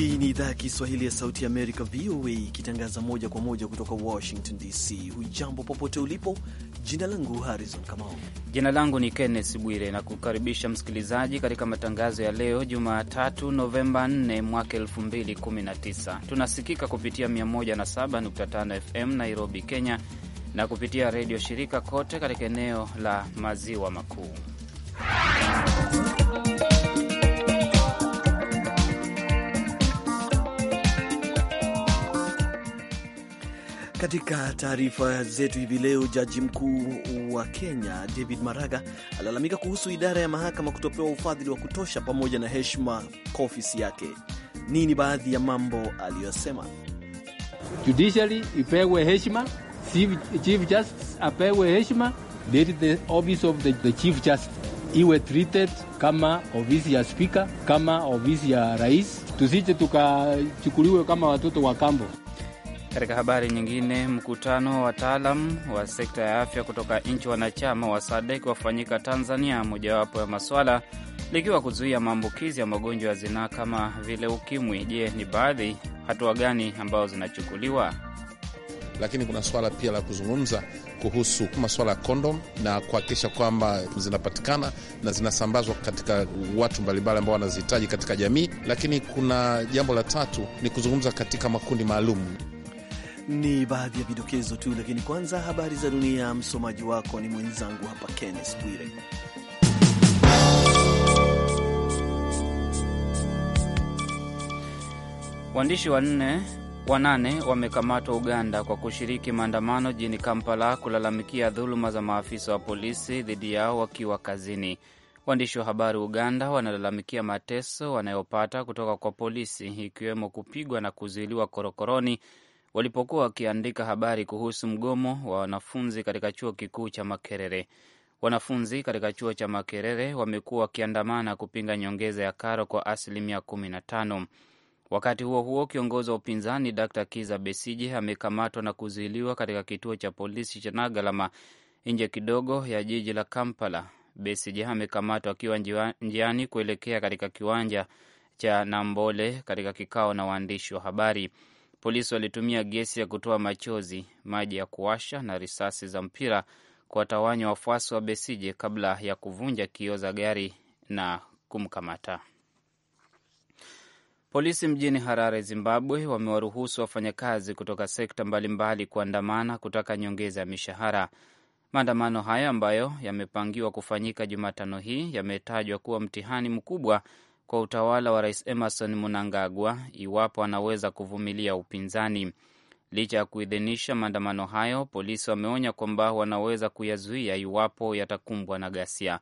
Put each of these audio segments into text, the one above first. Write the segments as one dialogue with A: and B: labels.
A: Hii ni idhaa ya Kiswahili ya Sauti ya Amerika, VOA, ikitangaza moja kwa moja kutoka
B: Washington DC. Hujambo popote ulipo. Jina langu Harrison Kamau. Jina langu ni kennes Bwire na kukaribisha msikilizaji katika matangazo ya leo Jumatatu, Novemba 4 mwaka 2019. Tunasikika kupitia 107.5 FM Nairobi, Kenya, na kupitia redio shirika kote katika eneo la maziwa makuu
A: Katika taarifa zetu hivi leo, jaji mkuu wa Kenya David Maraga alalamika kuhusu idara ya mahakama kutopewa ufadhili wa kutosha pamoja na heshima kwa ofisi yake.
C: Nini baadhi ya mambo aliyosema? Judiciary ipewe heshima, Chief Justice apewe heshima, let the office of the, the Chief Justice iwe treated kama ofisi ya spika, kama ofisi ya rais, tusije tukachukuliwe kama watoto wa kambo. Katika habari nyingine,
B: mkutano wa wataalam wa sekta ya afya kutoka nchi wanachama wa SADEK wafanyika Tanzania, mojawapo ya maswala likiwa kuzuia maambukizi ya magonjwa ya zinaa kama vile ukimwi. Je, ni baadhi hatua gani ambazo zinachukuliwa?
D: Lakini kuna swala pia la kuzungumza kuhusu masuala ya kondom na kuhakikisha kwamba zinapatikana na zinasambazwa katika watu mbalimbali ambao wanazihitaji katika jamii. Lakini kuna jambo la tatu ni kuzungumza katika makundi maalum.
A: Ni baadhi ya vidokezo tu, lakini kwanza habari za dunia. Msomaji wako ni mwenzangu hapa Kennes Bwire.
B: Waandishi wanne wanane wamekamatwa Uganda kwa kushiriki maandamano jijini Kampala kulalamikia dhuluma za maafisa wa polisi dhidi yao wakiwa kazini. Waandishi wa habari Uganda wanalalamikia mateso wanayopata kutoka kwa polisi, ikiwemo kupigwa na kuzuiliwa korokoroni walipokuwa wakiandika habari kuhusu mgomo wa wanafunzi katika chuo kikuu cha Makerere. Wanafunzi katika chuo cha Makerere wamekuwa wakiandamana kupinga nyongeza ya karo kwa asilimia kumi na tano. Wakati huo huo, kiongozi wa upinzani Dr Kiza Besije amekamatwa na kuzuiliwa katika kituo cha polisi cha Nagalama nje kidogo ya jiji la Kampala. Besije amekamatwa akiwa njiani kuelekea katika kiwanja cha Nambole katika kikao na waandishi wa habari. Polisi walitumia gesi ya kutoa machozi, maji ya kuwasha na risasi za mpira kuwatawanya wafuasi wa Besije kabla ya kuvunja kioo za gari na kumkamata. Polisi mjini Harare, Zimbabwe, wamewaruhusu wafanyakazi kutoka sekta mbalimbali kuandamana kutaka nyongeza ya mishahara. Maandamano hayo ambayo yamepangiwa kufanyika Jumatano hii yametajwa kuwa mtihani mkubwa kwa utawala wa Rais Emerson Mnangagwa iwapo anaweza kuvumilia upinzani. Licha ya kuidhinisha maandamano hayo, polisi wameonya kwamba wanaweza kuyazuia iwapo yatakumbwa na ghasia.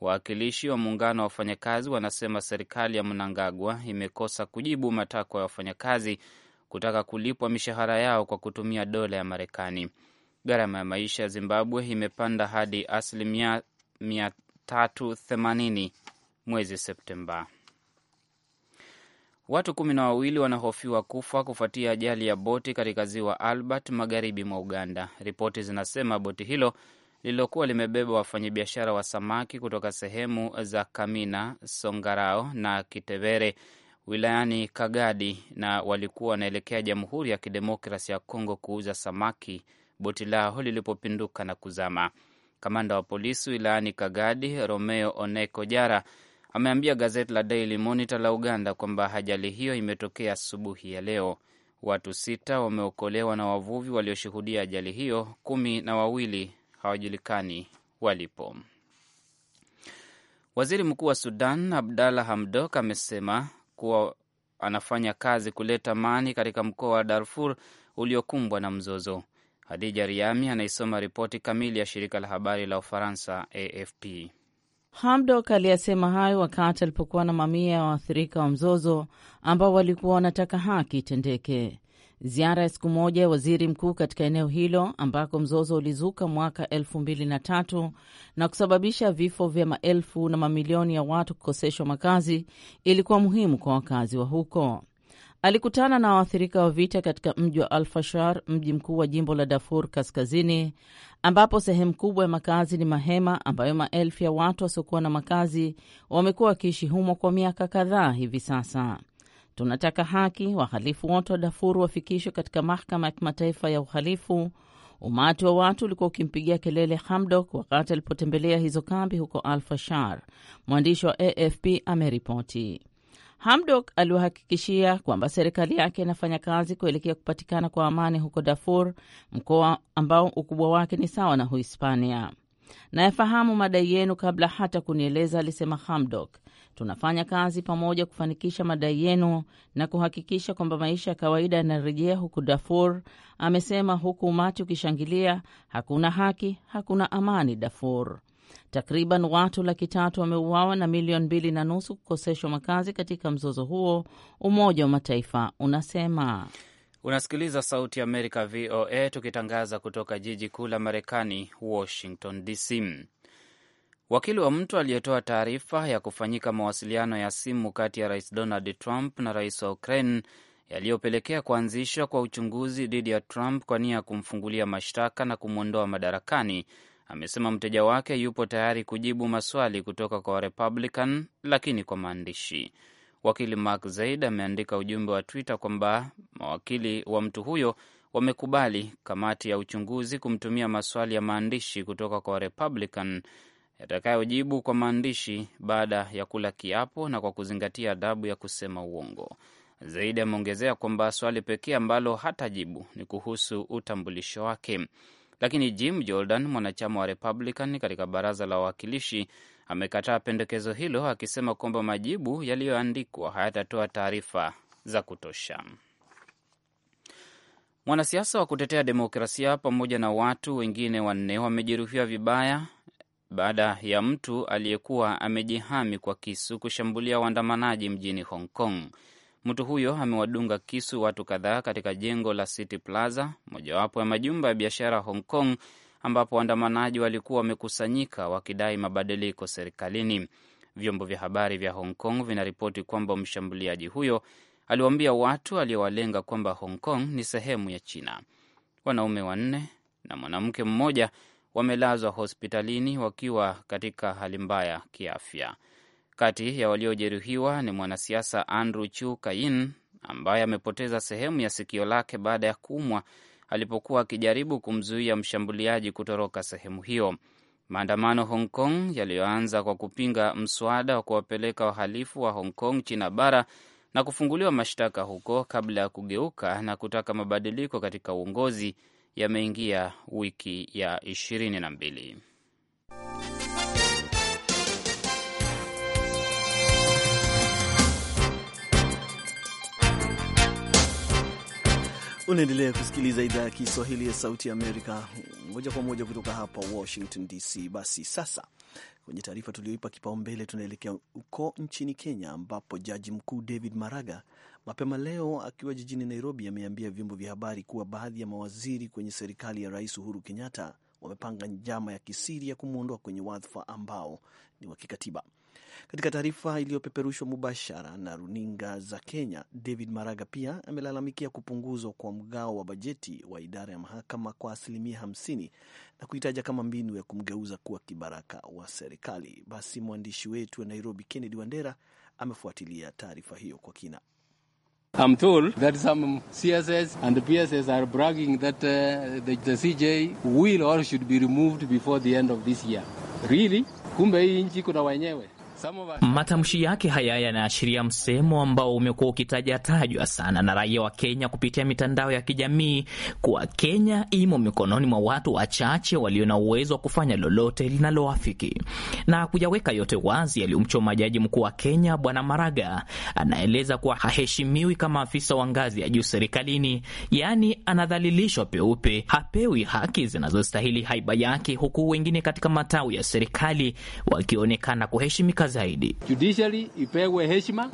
B: Wawakilishi wa muungano wa wafanyakazi wanasema serikali ya Mnangagwa imekosa kujibu matakwa ya wafanyakazi kutaka kulipwa mishahara yao kwa kutumia dola ya Marekani. Gharama ya maisha ya Zimbabwe imepanda hadi asilimia 380 mwezi Septemba. Watu kumi na wawili wanahofiwa kufa kufuatia ajali ya boti katika ziwa Albert magharibi mwa Uganda. Ripoti zinasema boti hilo lililokuwa limebeba wafanyabiashara wa samaki kutoka sehemu za Kamina, Songarao na Kitevere wilayani Kagadi na walikuwa wanaelekea Jamhuri ya Kidemokrasi ya Kongo kuuza samaki, boti lao lilipopinduka na kuzama. Kamanda wa polisi wilayani Kagadi, Romeo Oneko Jara ameambia gazeti la Daily Monitor la Uganda kwamba ajali hiyo imetokea asubuhi ya leo. Watu sita wameokolewa na wavuvi walioshuhudia ajali hiyo, kumi na wawili hawajulikani walipo. Waziri Mkuu wa Sudan Abdalla Hamdok amesema kuwa anafanya kazi kuleta amani katika mkoa wa Darfur uliokumbwa na mzozo. Hadija Riami anaisoma ripoti kamili ya shirika la habari la Ufaransa AFP.
E: Hamdok aliyasema hayo wakati alipokuwa na mamia ya waathirika wa mzozo ambao walikuwa wanataka haki itendeke. Ziara ya siku moja ya waziri mkuu katika eneo hilo ambako mzozo ulizuka mwaka elfu mbili na tatu na kusababisha vifo vya maelfu na mamilioni ya watu kukoseshwa makazi ilikuwa muhimu kwa wakazi wa huko. Alikutana na waathirika wa vita katika mji wa alfashar mji mkuu wa jimbo la Darfur Kaskazini, ambapo sehemu kubwa ya makazi ni mahema ambayo maelfu ya watu wasiokuwa na makazi wamekuwa wakiishi humo kwa miaka kadhaa hivi sasa. Tunataka haki, wahalifu wote wa Dafuru wafikishwe katika mahakama ya kimataifa ya uhalifu. Umati wa watu ulikuwa ukimpigia kelele Hamdok wakati alipotembelea hizo kambi huko alfashar mwandishi wa AFP ameripoti. Hamdok aliwahakikishia kwamba serikali yake inafanya kazi kuelekea kupatikana kwa amani huko Darfur, mkoa ambao ukubwa wake ni sawa na Uhispania. Nayafahamu madai yenu kabla hata kunieleza, alisema Hamdok. Tunafanya kazi pamoja kufanikisha madai yenu na kuhakikisha kwamba maisha ya kawaida yanarejea huku Darfur, amesema, huku umati ukishangilia. Hakuna haki, hakuna amani Darfur. Takriban watu laki tatu wameuawa na milioni mbili na nusu kukoseshwa makazi katika mzozo huo, Umoja wa Mataifa unasema.
B: Unasikiliza Sauti ya Amerika, VOA, tukitangaza kutoka jiji kuu la Marekani, Washington DC. Wakili wa mtu aliyetoa taarifa ya kufanyika mawasiliano ya simu kati ya Rais Donald Trump na rais wa Ukraine yaliyopelekea kuanzishwa kwa uchunguzi dhidi ya Trump kwa nia ya kumfungulia mashtaka na kumwondoa madarakani amesema mteja wake yupo tayari kujibu maswali kutoka kwa republican lakini kwa maandishi. Wakili Mark Zaid ameandika ujumbe wa Twitter kwamba mawakili wa mtu huyo wamekubali kamati ya uchunguzi kumtumia maswali ya maandishi kutoka kwa Warepublican yatakayojibu kwa maandishi baada ya kula kiapo na kwa kuzingatia adabu ya kusema uongo. Zaidi ameongezea kwamba swali pekee ambalo hatajibu ni kuhusu utambulisho wake lakini Jim Jordan, mwanachama wa Republican katika baraza la wawakilishi, amekataa pendekezo hilo, akisema kwamba majibu yaliyoandikwa hayatatoa taarifa za kutosha. Mwanasiasa wa kutetea demokrasia pamoja na watu wengine wanne wamejeruhiwa vibaya baada ya mtu aliyekuwa amejihami kwa kisu kushambulia waandamanaji mjini Hong Kong. Mtu huyo amewadunga kisu watu kadhaa katika jengo la City Plaza, mojawapo ya majumba ya biashara Hong Kong, ambapo waandamanaji walikuwa wamekusanyika wakidai mabadiliko serikalini. Vyombo vya habari vya Hong Kong vinaripoti kwamba mshambuliaji huyo aliwaambia watu aliyowalenga kwamba Hong Kong ni sehemu ya China. Wanaume wanne na mwanamke mmoja wamelazwa hospitalini wakiwa katika hali mbaya kiafya. Kati ya waliojeruhiwa ni mwanasiasa Andrew Chu Kayin ambaye amepoteza sehemu ya sikio lake baada ya kuumwa alipokuwa akijaribu kumzuia mshambuliaji kutoroka sehemu hiyo. Maandamano Hong Kong yaliyoanza kwa kupinga mswada wa kuwapeleka wahalifu wa Hong Kong China bara na kufunguliwa mashtaka huko kabla ya kugeuka na kutaka mabadiliko katika uongozi yameingia wiki ya ishirini na mbili.
A: Unaendelea kusikiliza idhaa ya Kiswahili ya Sauti ya Amerika moja kwa moja kutoka hapa Washington DC. Basi sasa kwenye taarifa tulioipa kipaumbele, tunaelekea huko nchini Kenya ambapo jaji mkuu David Maraga mapema leo akiwa jijini Nairobi ameambia vyombo vya habari kuwa baadhi ya mawaziri kwenye serikali ya Rais Uhuru Kenyatta wamepanga njama ya kisiri ya kumwondoa kwenye wadhifa ambao ni wa kikatiba. Katika taarifa iliyopeperushwa mubashara na runinga za Kenya, David Maraga pia amelalamikia kupunguzwa kwa mgao wa bajeti wa idara ya mahakama kwa asilimia 50 na kuitaja kama mbinu ya kumgeuza kuwa kibaraka wa serikali. Basi mwandishi wetu wa Nairobi, Kennedy Wandera, amefuatilia taarifa hiyo kwa kina.
C: I'm told that some CSS and PSS are bragging that uh, the, the CJ will or should be removed before the end of this year. Really? Kumbe hii nchi kuna wenyewe.
F: Matamshi yake haya yanaashiria msemo ambao umekuwa ukitaja tajwa sana na raia wa Kenya kupitia mitandao ya kijamii kuwa Kenya imo mikononi mwa watu wachache walio na uwezo wa kufanya lolote linaloafiki. Na kuyaweka yote wazi yaliyomchoma jaji mkuu wa Kenya Bwana Maraga, anaeleza kuwa haheshimiwi kama afisa wa ngazi ya juu serikalini, yaani anadhalilishwa peupe, hapewi haki zinazostahili haiba yake, huku wengine katika matawi ya serikali wakionekana kuheshimika zaidi.
C: Judiciary ipewe heshima,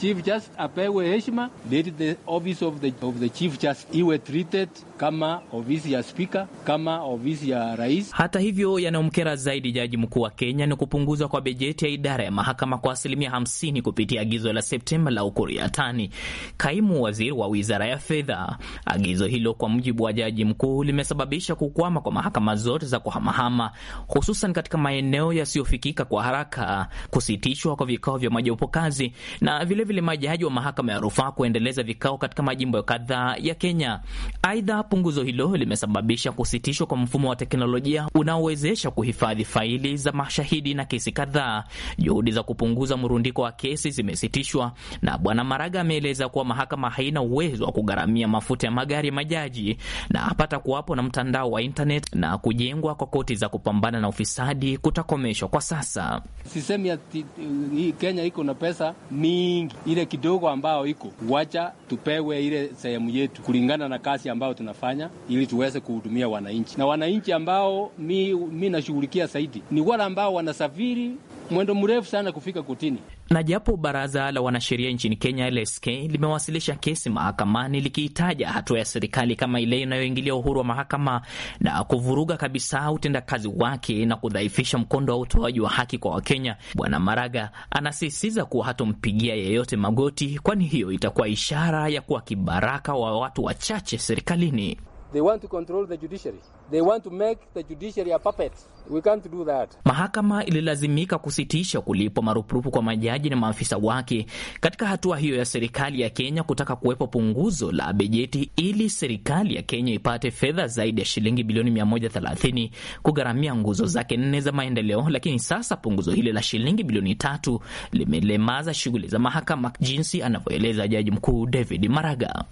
C: chief justice apewe heshima, let the office of the, of the chief justice iwe treated kama ofisi ya spika, kama ofisi ya rais.
F: Hata hivyo, yanayomkera zaidi jaji mkuu wa Kenya ni kupunguzwa kwa bajeti ya idara ya mahakama kwa asilimia 50 kupitia agizo la Septemba la Ukuriatani, kaimu waziri wa wizara ya fedha. Agizo hilo kwa mujibu wa jaji mkuu limesababisha kukwama kwa mahakama zote za kuhamahama, hususan katika maeneo yasiyofikika kwa haraka kusitishwa kwa vikao vya majopo kazi na vilevile vile majaji wa mahakama ya rufaa kuendeleza vikao katika majimbo kadhaa ya Kenya. Aidha, punguzo hilo limesababisha kusitishwa kwa mfumo wa teknolojia unaowezesha kuhifadhi faili za mashahidi na kesi kadhaa. Juhudi za kupunguza mrundiko wa kesi zimesitishwa, na Bwana Maraga ameeleza kuwa mahakama haina uwezo wa kugharamia mafuta ya magari ya majaji na hapata kuwapo na mtandao wa internet, na kujengwa kwa koti za kupambana na ufisadi kutakomeshwa kwa
C: sasa Sisemi Kenya, Kenya iko na pesa mingi, ile kidogo ambao iko wacha tupewe ile sehemu yetu kulingana na kazi ambayo tunafanya, ili tuweze kuhudumia wananchi. Na wananchi ambao mi, mi nashughulikia zaidi ni wale ambao wanasafiri mwendo mrefu sana kufika kutini.
F: Na japo baraza la wanasheria nchini Kenya LSK limewasilisha kesi mahakamani likiitaja hatua ya serikali kama ile inayoingilia uhuru wa mahakama na kuvuruga kabisa utendakazi wake na kudhaifisha mkondo wa utoaji wa haki kwa Wakenya, Bwana Maraga anasisitiza kuwa hatompigia yeyote magoti, kwani hiyo itakuwa ishara ya kuwa kibaraka wa watu wachache serikalini.
C: They want to control the judiciary. They want to make the judiciary a puppet. We can't do that.
F: Mahakama ililazimika kusitisha kulipwa marupurupu kwa majaji na maafisa wake katika hatua hiyo ya serikali ya Kenya kutaka kuwepo punguzo la bajeti ili serikali ya Kenya ipate fedha zaidi ya shilingi bilioni 130 kugharamia nguzo zake nne za maendeleo. Lakini sasa punguzo hili la shilingi bilioni tatu limelemaza shughuli za mahakama, jinsi anavyoeleza Jaji Mkuu David Maraga.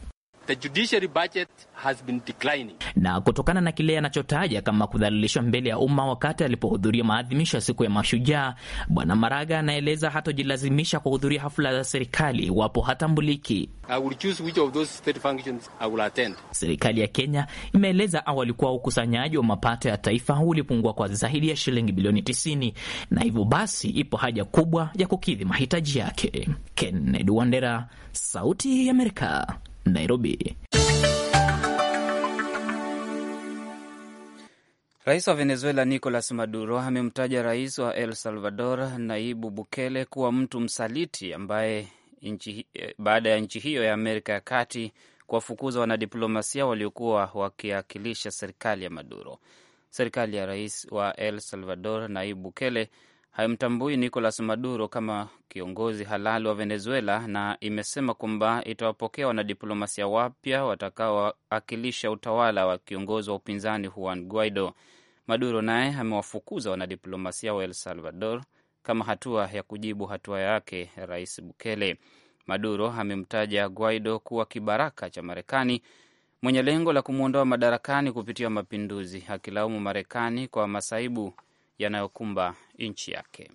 C: The judiciary budget has been declining.
F: Na kutokana na kile anachotaja kama kudhalilishwa mbele ya umma wakati alipohudhuria maadhimisho ya siku ya mashujaa, Bwana Maraga anaeleza hatojilazimisha kuhudhuria hafla za serikali iwapo hatambuliki. Serikali ya Kenya imeeleza awali kuwa ukusanyaji wa mapato ya taifa ulipungua kwa zaidi ya shilingi bilioni 90 na hivyo basi ipo haja kubwa ya kukidhi mahitaji yake. Kennedy Wandera, Sauti ya Amerika, Nairobi.
B: Rais wa Venezuela Nicolas Maduro amemtaja rais wa El Salvador Naibu Bukele kuwa mtu msaliti ambaye inchi, eh, baada ya nchi hiyo ya Amerika ya Kati kuwafukuza wanadiplomasia waliokuwa wakiakilisha serikali ya Maduro. Serikali ya rais wa El Salvador Naibu Bukele haimtambui Nicolas Maduro kama kiongozi halali wa Venezuela na imesema kwamba itawapokea wanadiplomasia wapya watakaowakilisha utawala wa kiongozi wa upinzani Juan Guaido. Maduro naye amewafukuza wanadiplomasia wa El Salvador kama hatua ya kujibu hatua yake Rais Bukele. Maduro amemtaja Guaido kuwa kibaraka cha Marekani mwenye lengo la kumwondoa madarakani kupitia mapinduzi, akilaumu Marekani kwa masaibu yanayokumba nchi yake.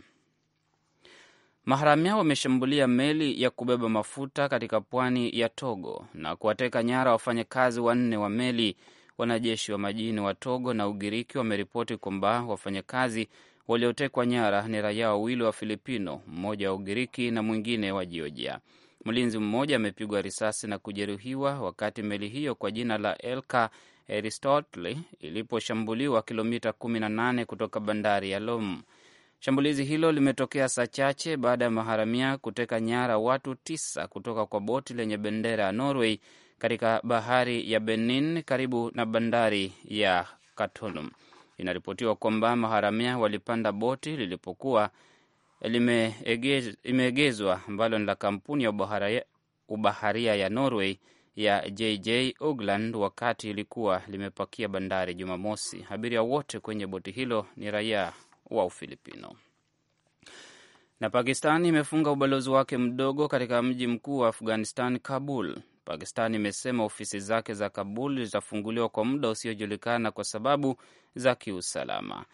B: Maharamia wameshambulia meli ya kubeba mafuta katika pwani ya Togo na kuwateka nyara wafanyakazi wanne wa meli. Wanajeshi wa majini wa Togo na Ugiriki wameripoti kwamba wafanyakazi waliotekwa nyara ni raia wawili wa Filipino, mmoja wa Ugiriki na mwingine wa Jiojia. Mlinzi mmoja amepigwa risasi na kujeruhiwa wakati meli hiyo kwa jina la Elka Aristotle iliposhambuliwa kilomita 18 kutoka bandari ya Lom. Shambulizi hilo limetokea saa chache baada ya maharamia kuteka nyara watu tisa kutoka kwa boti lenye bendera ya Norway katika bahari ya Benin karibu na bandari ya Khartoum. Inaripotiwa kwamba maharamia walipanda boti lilipokuwa limeegezwa ambalo ni la kampuni ya ubaharia ya Norway ya JJ Ogland wakati ilikuwa limepakia bandari Jumamosi. Abiria wote kwenye boti hilo ni raia wa Ufilipino. Na Pakistan imefunga ubalozi wake mdogo katika mji mkuu wa Afghanistan, Kabul. Pakistan imesema ofisi zake za Kabul zitafunguliwa kwa muda usiojulikana kwa sababu za kiusalama.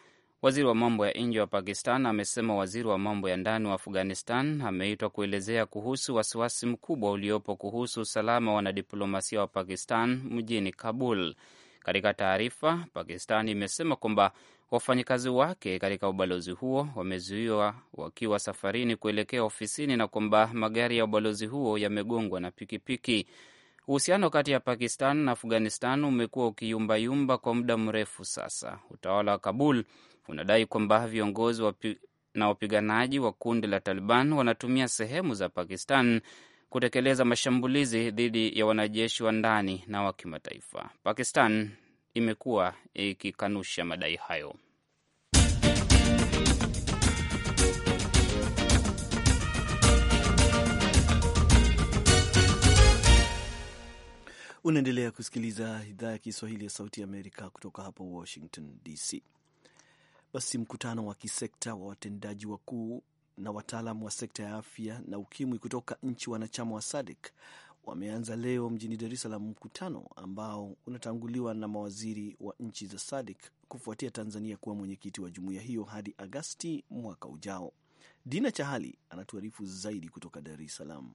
B: Waziri wa mambo ya nje wa Pakistan amesema waziri wa mambo ya ndani wa Afghanistan ameitwa kuelezea kuhusu wasiwasi mkubwa uliopo kuhusu usalama wa wanadiplomasia wa Pakistan mjini Kabul. Katika taarifa, Pakistan imesema kwamba wafanyakazi wake katika ubalozi huo wamezuiwa wakiwa safarini kuelekea ofisini na kwamba magari ya ubalozi huo yamegongwa na pikipiki. Uhusiano kati ya Pakistan na Afghanistan umekuwa ukiyumbayumba kwa muda mrefu sasa. Utawala wa Kabul unadai kwamba viongozi wapi na wapiganaji wa kundi la Taliban wanatumia sehemu za Pakistan kutekeleza mashambulizi dhidi ya wanajeshi wa ndani na wa kimataifa. Pakistan imekuwa ikikanusha madai hayo.
A: Unaendelea kusikiliza idhaa ya Kiswahili ya Sauti ya Amerika kutoka hapa Washington DC. Basi mkutano wa kisekta wa watendaji wakuu na wataalam wa sekta ya afya na ukimwi kutoka nchi wanachama wa SADC wameanza leo mjini Dar es Salaam, mkutano ambao unatanguliwa na mawaziri wa nchi za SADC kufuatia Tanzania kuwa mwenyekiti wa jumuiya hiyo hadi Agasti mwaka ujao. Dina Chahali anatuarifu zaidi kutoka Dar es Salaam.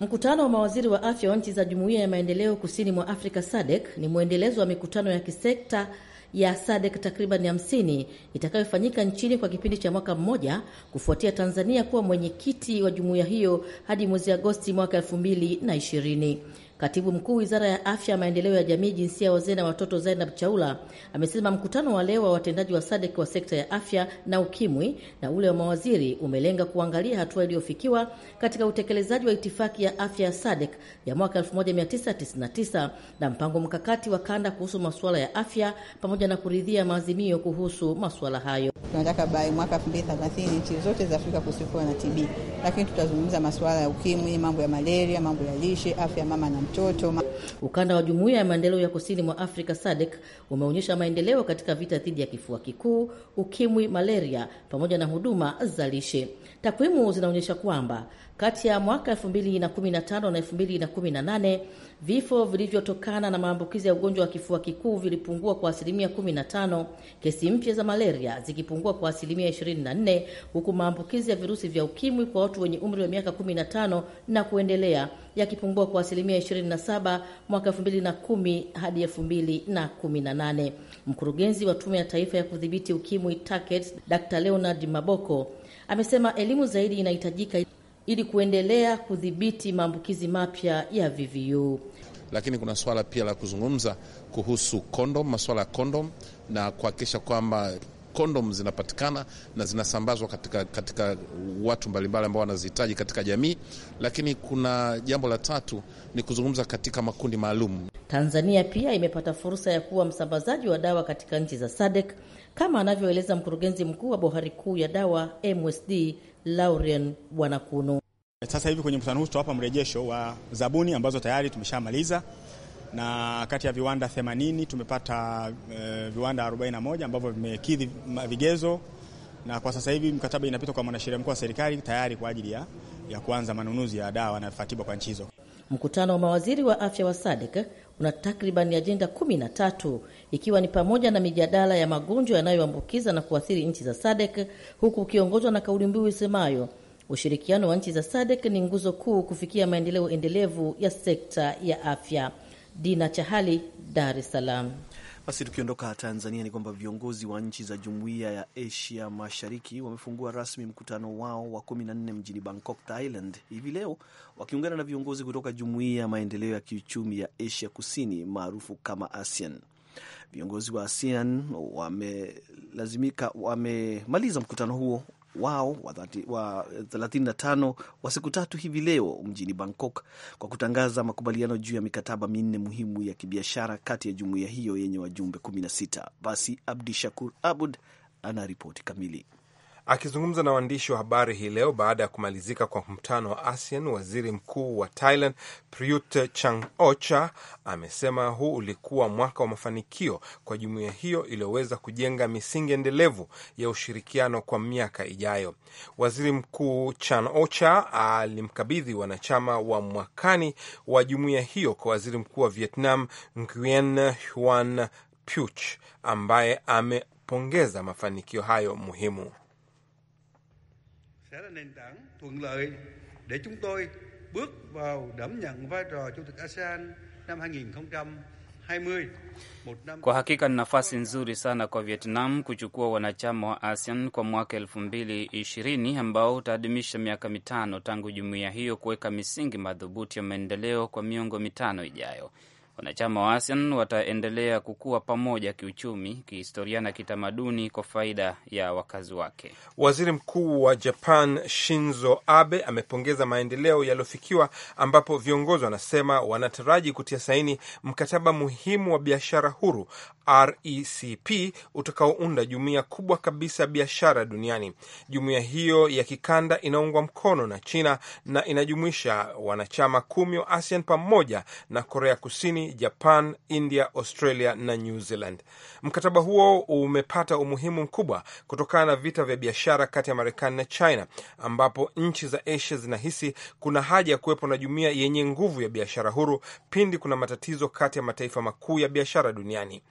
G: Mkutano wa mawaziri wa afya wa nchi za jumuiya ya maendeleo kusini mwa Afrika SADC ni mwendelezo wa mikutano ya kisekta ya SADC takriban 50 itakayofanyika nchini kwa kipindi cha mwaka mmoja kufuatia Tanzania kuwa mwenyekiti wa jumuiya hiyo hadi mwezi Agosti mwaka 2020. Katibu mkuu wizara ya afya, maendeleo ya jamii, jinsia, wazee na watoto, Zainab Chaula amesema mkutano wa leo wa watendaji wa SADC wa sekta ya afya na ukimwi na ule wa mawaziri umelenga kuangalia hatua iliyofikiwa katika utekelezaji wa itifaki ya afya ya SADC ya mwaka 1999 na mpango mkakati wa kanda kuhusu masuala ya afya pamoja na kuridhia maazimio kuhusu masuala hayo. Tunataka bai mwaka 2030 nchi zote za Afrika kusifiwa na TB, lakini tutazungumza masuala ya ukimwi, mambo ya malaria, mambo ya lishe, afya mama na mtoto. Ukanda wa Jumuiya ya Maendeleo ya Kusini mwa Afrika SADC umeonyesha maendeleo katika vita dhidi ya kifua kikuu, ukimwi, malaria pamoja na huduma za lishe. Takwimu zinaonyesha kwamba kati ya mwaka 2015 na 2018 vifo vilivyotokana na maambukizi ya ugonjwa wa kifua kikuu vilipungua kwa asilimia 15, kesi mpya za malaria zikipungua kwa asilimia 24, huku maambukizi ya virusi vya ukimwi kwa watu wenye umri wa miaka 15 na kuendelea yakipungua kwa asilimia 27 mwaka 2010 hadi 2018. Mkurugenzi wa Tume ya Taifa ya Kudhibiti Ukimwi TACAIDS Dr. Leonard Maboko amesema elimu zaidi inahitajika ili kuendelea kudhibiti maambukizi mapya
D: ya VVU. Lakini kuna swala pia la kuzungumza kuhusu kondom, masuala ya kondom na kuhakikisha kwamba kondom zinapatikana na zinasambazwa katika, katika watu mbalimbali ambao wanazihitaji katika jamii. Lakini kuna jambo la tatu ni kuzungumza katika makundi maalum.
G: Tanzania pia imepata fursa ya kuwa msambazaji wa dawa katika nchi za SADC kama anavyoeleza mkurugenzi mkuu wa bohari kuu ya dawa
H: MSD Laurian Bwanakunu. Sasa hivi kwenye mkutano huu tutawapa mrejesho wa zabuni ambazo tayari tumeshamaliza na kati ya viwanda 80 tumepata e, viwanda 41 ambavyo vimekidhi vigezo, na kwa sasa hivi mkataba inapitwa kwa mwanasheria mkuu wa serikali tayari kwa ajili ya, ya kuanza manunuzi ya dawa na vifaa tiba kwa nchi hizo.
G: Mkutano wa mawaziri wa afya wa SADC una takriban ajenda kumi na tatu ikiwa ni pamoja na mijadala ya magonjwa yanayoambukiza na kuathiri nchi za SADC huku ukiongozwa na kauli mbiu isemayo ushirikiano wa nchi za SADC ni nguzo kuu kufikia maendeleo endelevu ya sekta ya afya. Dina Chahali, Dar es Salaam. Basi
A: tukiondoka Tanzania ni kwamba viongozi wa nchi za jumuiya ya Asia Mashariki wamefungua rasmi mkutano wao wa 14 mjini Bangkok, Thailand hivi leo wakiungana na viongozi kutoka jumuiya ya maendeleo ya kiuchumi ya Asia Kusini maarufu kama ASEAN. Viongozi wa ASEAN wamelazimika wamelazimika wamemaliza mkutano huo wao wa 35 wa siku tatu hivi leo mjini Bangkok kwa kutangaza makubaliano juu ya mikataba minne muhimu ya kibiashara kati ya jumuiya hiyo yenye wajumbe
D: 16. Basi Abdi Shakur Abud ana ripoti kamili. Akizungumza na waandishi wa habari hii leo baada ya kumalizika kwa mkutano wa ASEAN, waziri mkuu wa Thailand Prayut chan Ocha amesema huu ulikuwa mwaka wa mafanikio kwa jumuiya hiyo iliyoweza kujenga misingi endelevu ya ushirikiano kwa miaka ijayo. Waziri Mkuu chan Ocha alimkabidhi wanachama wa mwakani wa jumuiya hiyo kwa waziri mkuu wa Vietnam Nguyen huan Puch ambaye amepongeza mafanikio hayo muhimu
A: sẽ là nền tảng thuận lợi để chúng tôi bước vào đảm nhận vai trò chủ tịch ASEAN năm 2020. Một năm... Kwa hakika
B: ni nafasi nzuri sana kwa Vietnam kuchukua wanachama wa ASEAN kwa mwaka 2020 ambao utaadhimisha miaka mitano tangu jumuiya hiyo kuweka misingi madhubuti ya maendeleo kwa miongo mitano ijayo. Wanachama wa ASEAN wataendelea kukua pamoja kiuchumi, kihistoria na kitamaduni kwa faida ya wakazi wake.
D: Waziri Mkuu wa Japan Shinzo Abe amepongeza maendeleo yaliyofikiwa, ambapo viongozi wanasema wanataraji kutia saini mkataba muhimu wa biashara huru RECP utakaounda jumuiya kubwa kabisa ya biashara duniani. Jumuiya hiyo ya kikanda inaungwa mkono na China na inajumuisha wanachama kumi wa ASEAN pamoja na Korea Kusini Japan, India, Australia na New Zealand. Mkataba huo umepata umuhimu mkubwa kutokana na vita vya biashara kati ya Marekani na China, ambapo nchi za Asia zinahisi kuna haja ya kuwepo na jumuiya yenye nguvu ya biashara huru pindi kuna matatizo kati ya mataifa makuu ya biashara duniani.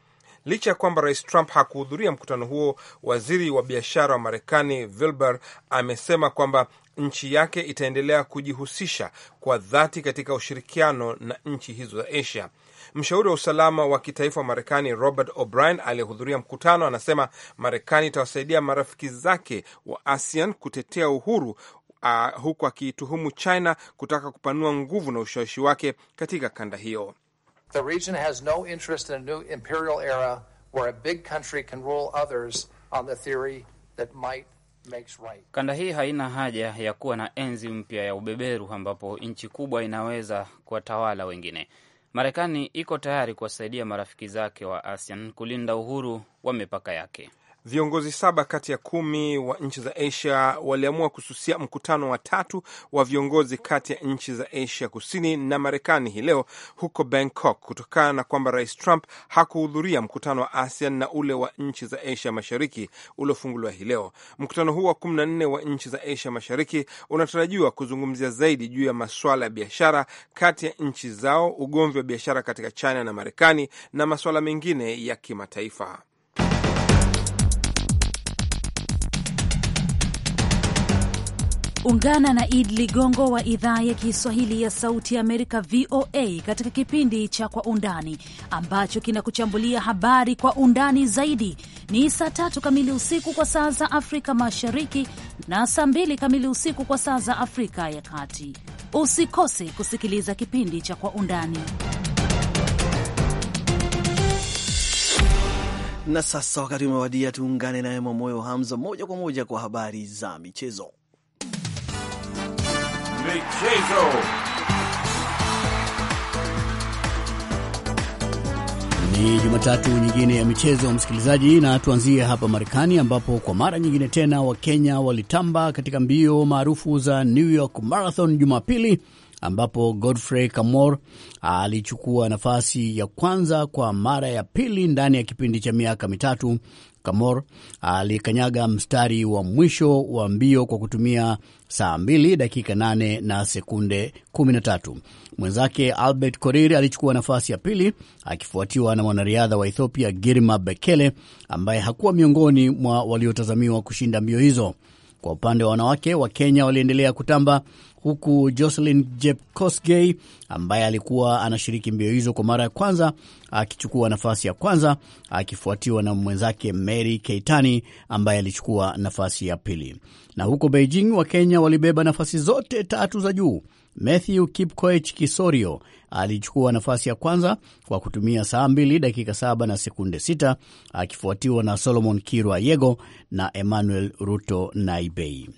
D: Licha ya kwamba Rais Trump hakuhudhuria mkutano huo, waziri wa biashara wa Marekani Wilbur amesema kwamba nchi yake itaendelea kujihusisha kwa dhati katika ushirikiano na nchi hizo za Asia. Mshauri wa usalama wa kitaifa wa Marekani Robert O'Brien aliyehudhuria mkutano anasema Marekani itawasaidia marafiki zake wa ASEAN kutetea uhuru uh, huku akiituhumu China kutaka kupanua nguvu na ushawishi wake katika kanda hiyo.
G: The region has no interest in a new imperial era where a big country can rule others on the theory that might makes right.
B: Kanda hii haina haja ya kuwa na enzi mpya ya ubeberu ambapo nchi kubwa inaweza kuwatawala wengine. Marekani iko tayari kuwasaidia marafiki zake wa ASEAN kulinda
D: uhuru wa mipaka yake. Viongozi saba kati ya kumi wa nchi za Asia waliamua kususia mkutano wa tatu wa viongozi kati ya nchi za Asia kusini na Marekani hii leo huko Bangkok, kutokana na kwamba Rais Trump hakuhudhuria mkutano wa ASEAN na ule wa nchi za Asia mashariki uliofunguliwa hii leo. Mkutano huu wa kumi na nne wa nchi za Asia mashariki unatarajiwa kuzungumzia zaidi juu ya maswala ya biashara kati ya nchi zao, ugomvi wa biashara katika China na Marekani na masuala mengine ya kimataifa.
E: Ungana na Id Ligongo wa idhaa ya Kiswahili ya Sauti ya Amerika, VOA, katika kipindi cha Kwa Undani ambacho kinakuchambulia habari kwa undani zaidi. Ni saa tatu kamili usiku kwa saa za Afrika Mashariki na saa mbili kamili usiku kwa saa za Afrika ya Kati. Usikose kusikiliza kipindi cha Kwa Undani.
A: Na sasa wakati umewadia, tuungane naye Mwamoyo Hamza moja kwa moja kwa habari za michezo
H: michezo.
I: Ni Jumatatu nyingine ya michezo, msikilizaji, na tuanzie hapa Marekani ambapo kwa mara nyingine tena Wakenya walitamba katika mbio maarufu za New York Marathon Jumapili ambapo Godfrey Kamor alichukua nafasi ya kwanza kwa mara ya pili ndani ya kipindi cha miaka mitatu. Kamor alikanyaga mstari wa mwisho wa mbio kwa kutumia saa 2 dakika 8 na sekunde 13. Mwenzake Albert Korir alichukua nafasi ya pili akifuatiwa na mwanariadha wa Ethiopia Girma Bekele ambaye hakuwa miongoni mwa waliotazamiwa kushinda mbio hizo. Kwa upande wa wanawake, Wakenya waliendelea kutamba huku Jocelyn jepkosgey ambaye alikuwa anashiriki mbio hizo kwa mara ya kwanza akichukua nafasi ya kwanza akifuatiwa na mwenzake Mary Keitani ambaye alichukua nafasi ya pili. Na huko Beijing, Wakenya walibeba nafasi zote tatu za juu Matthew Kipkoech Kisorio alichukua nafasi ya kwanza kwa kutumia saa 2 dakika 7 na sekunde 6, akifuatiwa na Solomon Kirwa Yego na Emmanuel Ruto Naibei.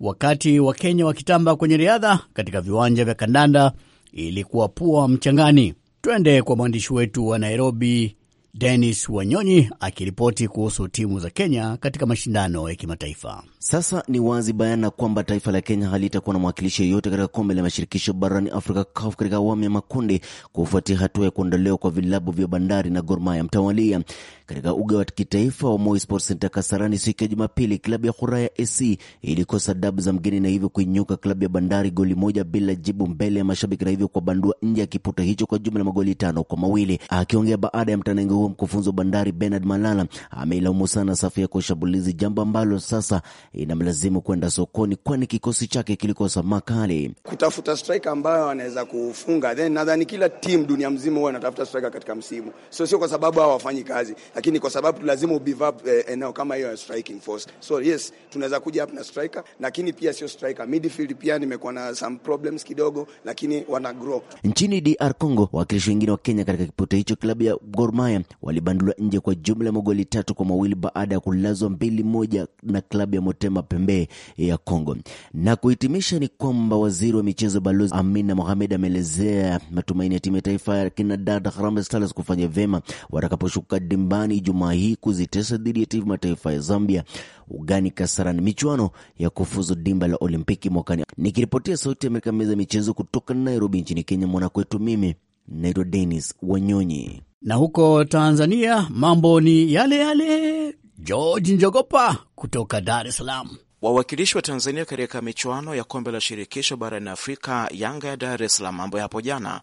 I: Wakati wa Kenya wakitamba kwenye riadha katika viwanja vya kandanda, ilikuwa pua mchangani. Twende kwa mwandishi wetu wa Nairobi, Dennis Wanyonyi akiripoti kuhusu timu za Kenya katika mashindano ya kimataifa. Sasa ni
J: wazi bayana kwamba taifa la Kenya halitakuwa na mwakilishi yeyote katika kombe la mashirikisho barani Afrika, CAF, katika awamu ya makundi kufuatia hatua ya kuondolewa kwa vilabu vya Bandari na Gor Mahia mtawalia. Katika uga wa kitaifa wa Moi Sports Center Kasarani siku ya Jumapili, klabu ya Huraya AC ilikosa dabu za mgeni na hivyo kuinyuka klabu ya Bandari goli moja bila jibu mbele ya mashabiki na hivyo kwa bandua nje ya kiputo hicho kwa jumla magoli tano kwa mawili. Akiongea baada ya mtanengo huo, mkufunzi wa bandari Bernard Malala ameilaumu sana safu ya kushambulizi, jambo ambalo sasa inamlazimu kwenda sokoni, kwani kikosi chake kilikosa makali
A: kutafuta striker ambayo anaweza kufunga. Then nadhani kila timu dunia mzima huwa inatafuta striker katika msimu, so sio kwa sababu hao wafanyi kazi, lakini kwa sababu lazima ubeef up eh, eneo kama hiyo ya striking force. So yes, tunaweza kuja hapa na striker, lakini pia sio striker, midfield pia nimekuwa na some problems kidogo, lakini wana grow.
J: Nchini DR Congo, wakilishi wengine wa Kenya katika kipote hicho, klabu ya Gor Mahia walibandulwa nje kwa jumla magoli tatu kwa mawili baada ya kulazwa mbili moja na klabu ya Motema Pembe ya congo Na kuhitimisha ni kwamba waziri wa michezo Balozi Amina Mohamed ameelezea matumaini ya timu ya taifa ya kina dada Harambee Stars kufanya vyema watakaposhuka dimbani Ijumaa hii kuzitesa dhidi ya timu mataifa ya Zambia ugani Kasarani, michuano ya kufuzu dimba la Olimpiki mwakani. Nikiripotia Sauti ya Amerika, meza ya michezo kutoka Nairobi nchini Kenya,
I: mwanakwetu mimi naitwa Denis Wanyonyi. Na huko Tanzania mambo ni yale yale. George Njogopa kutoka Dar es
K: Salaam. Wawakilishi wa Tanzania katika michuano ya kombe la shirikisho barani Afrika, Yanga ya Dar es Salaam mambo yapo jana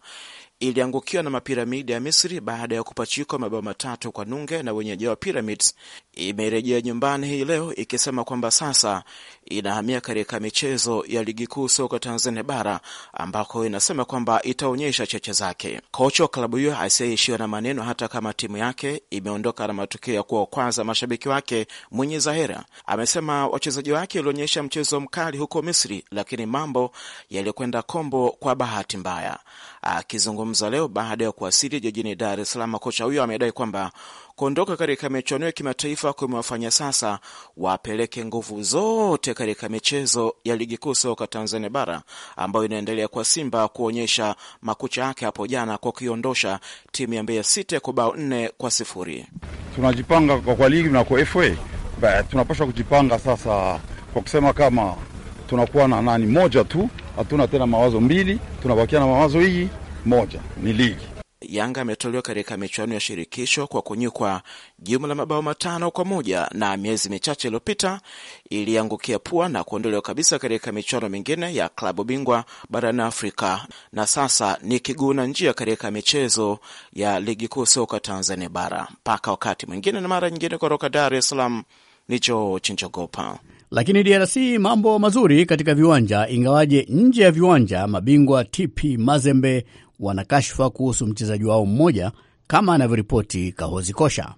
K: iliangukiwa na mapiramidi ya Misri baada ya kupachikwa mabao matatu kwa nunge na wenyeji wa Pyramids, imerejea nyumbani hii leo ikisema kwamba sasa inahamia katika michezo ya ligi kuu soka Tanzania bara ambako inasema kwamba itaonyesha cheche zake. Kocha wa klabu hiyo asiyeishiwa na maneno, hata kama timu yake imeondoka na matukio ya kuwa kwanza mashabiki wake, Mwinyi Zahera amesema wachezaji wake walionyesha mchezo mkali huko Misri, lakini mambo yalikwenda kombo kwa bahati mbaya. Akizungumza leo baada ya kuwasili jijini Dar es Salaam, kocha huyo amedai kwamba kuondoka katika michuano ya kimataifa kumewafanya sasa wapeleke nguvu zote katika michezo ya ligi kuu soka Tanzania bara ambayo inaendelea kwa Simba kuonyesha makucha yake hapo jana kwa kuiondosha timu ya Mbeya City kwa bao nne kwa sifuri.
D: Tunajipanga kwa ligi na kwa FA tunapaswa kujipanga sasa kwa kusema kama tunakuwa na nani moja tu, hatuna tena mawazo mbili, tunabakia na mawazo hii moja,
K: ni ligi. Yanga ametolewa katika michuano ya shirikisho kwa kunyikwa jumla mabao matano kwa moja na miezi michache iliyopita iliangukia pua na kuondolewa kabisa katika michuano mingine ya klabu bingwa barani Afrika, na sasa ni kiguu na njia katika michezo ya ligi kuu soka Tanzania bara. Mpaka wakati mwingine na mara nyingine, kutoka Dar es Salaam ni George Njogopa.
I: Lakini DRC mambo mazuri katika viwanja, ingawaje nje ya viwanja mabingwa TP Mazembe wanakashfa kuhusu mchezaji wao mmoja, kama anavyoripoti Kahozi Kosha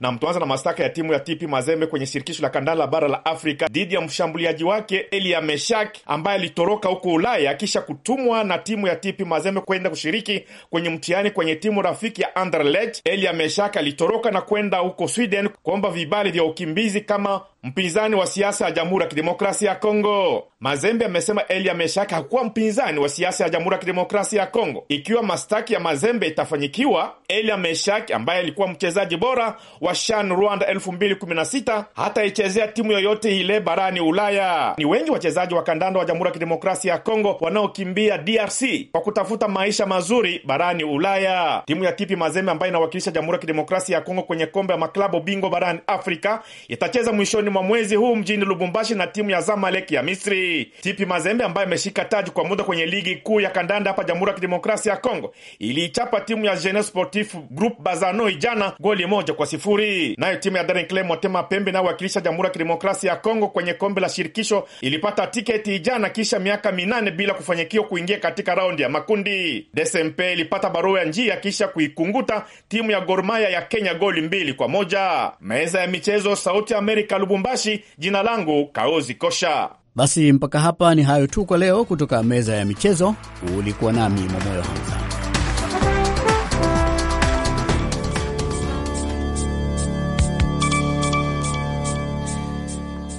H: na mtuanza na mashtaka ya timu ya TP Mazembe kwenye shirikisho la kandanda la bara la Afrika dhidi ya mshambuliaji wake Elia Meshak ambaye alitoroka huko Ulaya kisha kutumwa na timu ya TP Mazembe kwenda kushiriki kwenye mtihani kwenye timu rafiki ya Anderlecht. Elia Meshak alitoroka na kwenda huko Sweden kuomba vibali vya ukimbizi kama mpinzani wa siasa ya Jamhuri ya Kidemokrasia ya Kongo. Mazembe amesema Eli Meshaki hakuwa mpinzani wa siasa ya Jamhuri ya Kidemokrasia ya Kongo. Ikiwa mastaki ya Mazembe itafanyikiwa, Eli Meshaki ambaye alikuwa mchezaji bora wa shan Rwanda 2016 hataichezea timu yoyote ile barani Ulaya. Ni wengi wachezaji wa kandanda wa Jamhuri ya Kidemokrasia ya Kongo wanaokimbia DRC kwa kutafuta maisha mazuri barani Ulaya. Timu ya Tipi Mazembe ambayo inawakilisha Jamhuri ya Kidemokrasia ya Kongo kwenye kombe ya maklabu bingwa barani Afrika itacheza mwishoni mwa mwezi huu mjini Lubumbashi na timu ya Zamalek ya Misri. Tipi Mazembe ambayo imeshika taji kwa muda kwenye ligi kuu ya kandanda hapa Jamhuri ya Kidemokrasia ya Kongo iliichapa timu ya Jeunesse Sportif Group Bazano jana goli moja kwa sifuri. Nayo timu ya Daring Club Motema Pembe inayowakilisha Jamhuri ya Kidemokrasia ya Kongo kwenye kombe la shirikisho ilipata tiketi jana kisha miaka minane bila kufanyikiwa kuingia katika raundi ya makundi. DSMP ilipata barua ya njia kisha kuikunguta timu ya Gormaya ya Kenya goli mbili kwa moja. Meza ya michezo Sauti ya Amerika, Lubumbashi. Lubumbashi. Jina langu Kaozi Kosha.
I: Basi mpaka hapa ni hayo tu kwa leo, kutoka meza ya michezo. Ulikuwa nami mamoyo Hamza.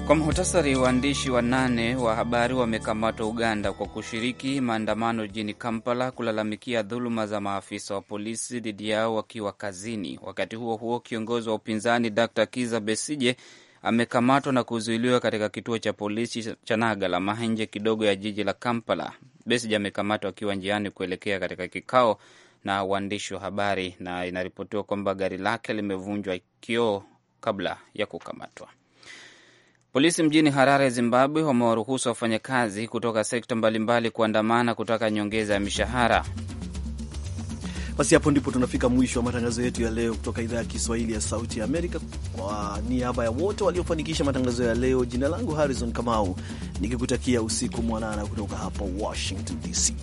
B: Kwa muhtasari, waandishi wanane wa habari wamekamatwa Uganda kwa kushiriki maandamano jijini Kampala kulalamikia dhuluma za maafisa wa polisi dhidi yao wakiwa kazini. Wakati huo huo, kiongozi wa upinzani Dr Kiza Besije amekamatwa na kuzuiliwa katika kituo cha polisi cha Nagalama nje kidogo ya jiji la Kampala. Besigye amekamatwa akiwa njiani kuelekea katika kikao na waandishi wa habari, na inaripotiwa kwamba gari lake limevunjwa kioo kabla ya kukamatwa. Polisi mjini Harare, Zimbabwe, wamewaruhusu wafanyakazi kutoka sekta mbalimbali kuandamana kutaka nyongeza ya mishahara.
A: Basi hapo ndipo tunafika mwisho wa matangazo yetu ya leo kutoka idhaa ya Kiswahili ya Sauti ya Amerika. Kwa niaba ya wote waliofanikisha matangazo ya leo, jina langu Harrison Kamau nikikutakia usiku mwanana kutoka hapa Washington DC.